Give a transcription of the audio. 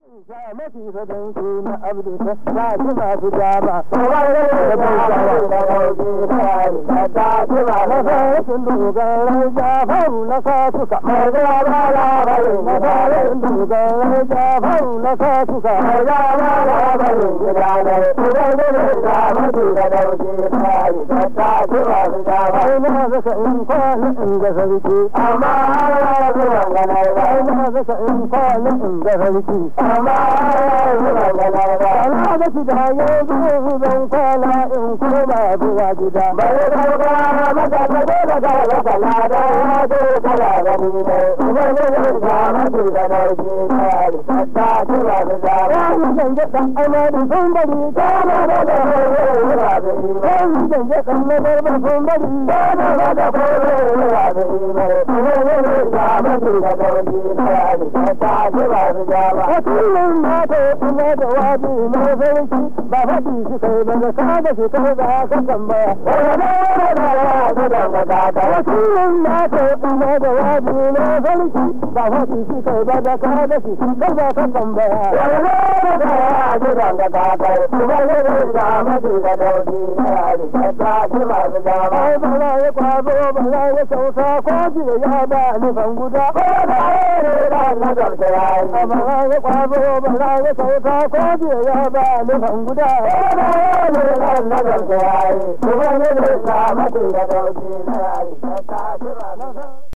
na Amma zira gana ba amma zaka in kwalin in zaharki amma zira gana ba amma da shi da ya zo zan kwala in koma zuwa gida bai da ba maka da da da da da na da da ni ne kuma da ga mutu da da ji ka da zira da da ba ni dan ga dan ana da sun bari ta na da da zira da ni ba ni dan ga kan na da sun bari ta na da da zira da Wakilin mata ya kuma da wabi mai sarki ba faɗi shi kai ba ka da shi kai ba ka tambaya. Wakilin mata ya kuma da wabi mai sarki ba faɗi shi kai ba ka da shi kai ba ka tambaya. gidan da kakar kuma gidan da mafi da dauki na masu dama. Ai bala ya kwazo bala ya sauka ko ji ya ba nufan guda. Ko da ya ne da na ya yi. Bala ya kwazo bala ya ko ji ya nufan guda. Ko da ya da na ya yi. Kuma da mafi da dauki na masu dama.